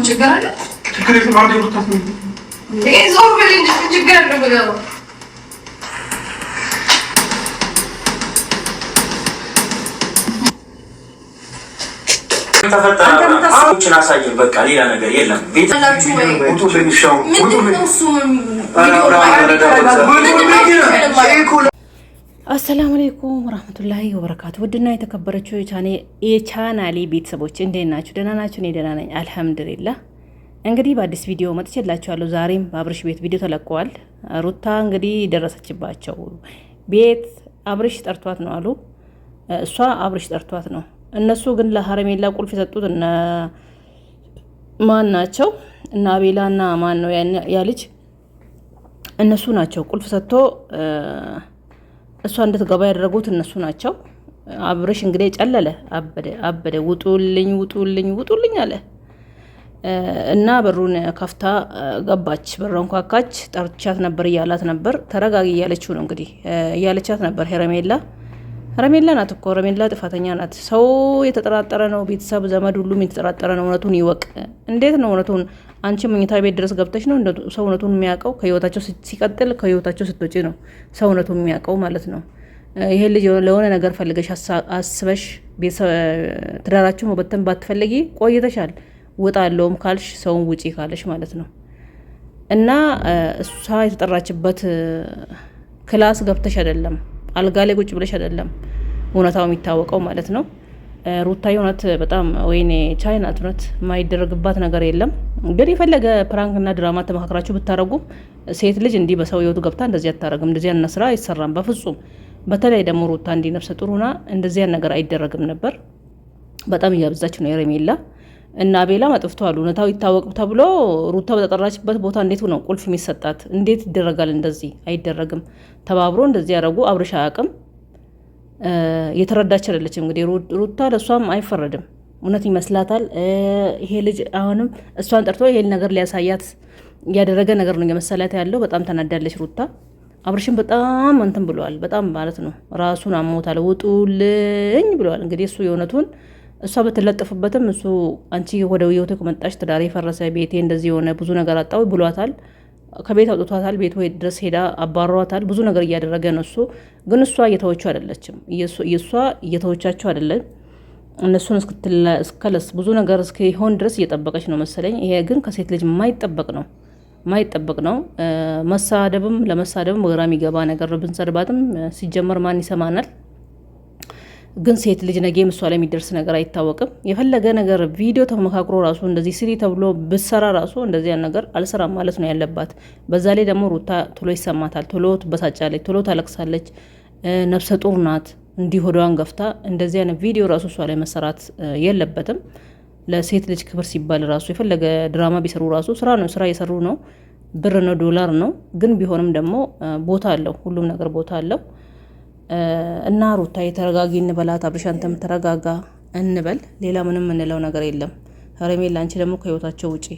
ነው ችግር አለ። ዞር በል እንጂ ችግር አለ ነው ተፈጠራችን አሳየን። በቃ ሌላ ነገር የለም። ቤት አሰላሙ አለይኩም ወራህመቱላሂ ወበረካቱ። ውድና የተከበረችው የቻናሌ ቤተሰቦች እንዴት ናችሁ? ደህና ናችሁ? እኔ ደህና ነኝ አልሐምዱሊላህ። እንግዲህ በአዲስ ቪዲዮ መጥቼላችኋለሁ። ዛሬም በአብርሽ ቤት ቪዲዮ ተለቀዋል። ሩታ እንግዲህ ደረሰችባቸው። ቤት አብርሽ ጠርቷት ነው አሉ። እሷ አብርሽ ጠርቷት ነው። እነሱ ግን ለሀረሜላ ቁልፍ የሰጡት እነ ማን ናቸው? እና አቤላ እና ማን ነው ያ ልጅ? እነሱ ናቸው ቁልፍ ሰጥቶ እሷ እንድትገባ ያደረጉት እነሱ ናቸው። አብርሽ እንግዲህ ጨለለ፣ አበደ፣ አበደ። ውጡልኝ፣ ውጡልኝ፣ ውጡልኝ አለ እና በሩን ከፍታ ገባች። በሯን ኳካች። ጠርቻት ነበር እያላት ነበር። ተረጋጊ እያለችው ነው እንግዲህ እያለቻት ነበር ሄረሜላ ረሜላ ናት እኮ ረሜላ ጥፋተኛ ናት። ሰው የተጠራጠረ ነው፣ ቤተሰብ ዘመድ፣ ሁሉም የተጠራጠረ ነው። እውነቱን ይወቅ። እንዴት ነው እውነቱን? አንቺ መኝታ ቤት ድረስ ገብተች ነው ሰው እውነቱን የሚያውቀው? ከህይወታቸው ሲቀጥል ከህይወታቸው ስትወጪ ነው ሰው እውነቱን የሚያውቀው ማለት ነው። ይሄ ልጅ ለሆነ ነገር ፈልገሽ አስበሽ ትዳራችሁ መበተን ባትፈልጊ ቆይተሻል። ውጣለውም ካልሽ ሰውን ውጪ ካለሽ ማለት ነው። እና እሷ የተጠራችበት ክላስ ገብተሽ አይደለም አልጋ ላይ ቁጭ ብለሽ አይደለም እውነታው የሚታወቀው ማለት ነው። ሩታ የእውነት በጣም ወይኔ ቻይና እውነት የማይደረግባት ነገር የለም። ግን የፈለገ ፕራንክና ድራማ ተመካክራችሁ ብታረጉም ሴት ልጅ እንዲህ በሰው ህይወቱ ገብታ እንደዚህ አታረግም። እንደዚህ ያነ ስራ አይሰራም በፍጹም። በተለይ ደግሞ ሩታ እንዲነፍሰ ጥሩና ያን ነገር አይደረግም ነበር። በጣም እያበዛች ነው የረሜላ እና ቤላ መጥፍተዋል፣ እውነታው ይታወቅ ተብሎ ሩታ በተጠራችበት ቦታ እንዴት ነው ቁልፍ የሚሰጣት? እንዴት ይደረጋል? እንደዚህ አይደረግም። ተባብሮ እንደዚህ ያደረጉ አብርሽ አያውቅም። የተረዳች አይደለችም። እንግዲህ ሩታ ለእሷም አይፈረድም። እውነት ይመስላታል። ይሄ ልጅ አሁንም እሷን ጠርቶ ይሄ ነገር ሊያሳያት ያደረገ ነገር ነው የመሰላት ያለው። በጣም ተናዳለች ሩታ። አብርሽን በጣም እንትን ብለዋል። በጣም ማለት ነው ራሱን አሞታል። ውጡልኝ ብለዋል። እንግዲህ እሱ የእውነቱን እሷ በተለጠፉበትም እሱ አንቺ ወደ ህይወቴ ከመጣሽ ትዳሬ የፈረሰ ቤቴ እንደዚህ የሆነ ብዙ ነገር አጣው ብሏታል። ከቤት አውጥቷታል። ቤት ድረስ ሄዳ አባሯታል። ብዙ ነገር እያደረገ ነው እሱ። ግን እሷ እየተወቹ አይደለችም፣ እሷ እየተወቻቸው አይደለም። እነሱን እስከለስ ብዙ ነገር እስኪሆን ድረስ እየጠበቀች ነው መሰለኝ። ይሄ ግን ከሴት ልጅ የማይጠበቅ ነው ማይጠበቅ ነው። መሳደብም ለመሳደብም ወራ የሚገባ ነገር ብንሰድባትም ሲጀመር ማን ይሰማናል? ግን ሴት ልጅ ነገ ምሷ ላይ የሚደርስ ነገር አይታወቅም። የፈለገ ነገር ቪዲዮ ተመካክሮ ራሱ እንደዚህ ስሪ ተብሎ ብሰራ ራሱ እንደዚያ ነገር አልሰራም ማለት ነው ያለባት። በዛ ላይ ደግሞ ሩታ ቶሎ ይሰማታል፣ ቶሎ ትበሳጫለች፣ ቶሎ ታለቅሳለች። ነፍሰ ጡር ናት። እንዲህ ሆዷን ገፍታ እንደዚህ አይነት ቪዲዮ ራሱ እሷ ላይ መሰራት የለበትም። ለሴት ልጅ ክብር ሲባል ራሱ የፈለገ ድራማ ቢሰሩ ራሱ ስራ ነው፣ ስራ የሰሩ ነው፣ ብር ነው፣ ዶላር ነው። ግን ቢሆንም ደግሞ ቦታ አለው፣ ሁሉም ነገር ቦታ አለው። እና ሩታ የተረጋጊ እንበላት፣ አብርሽ አንተም ተረጋጋ እንበል። ሌላ ምንም የምንለው ነገር የለም። ሄርሜላ አንቺ ደግሞ ከህይወታቸው ውጪ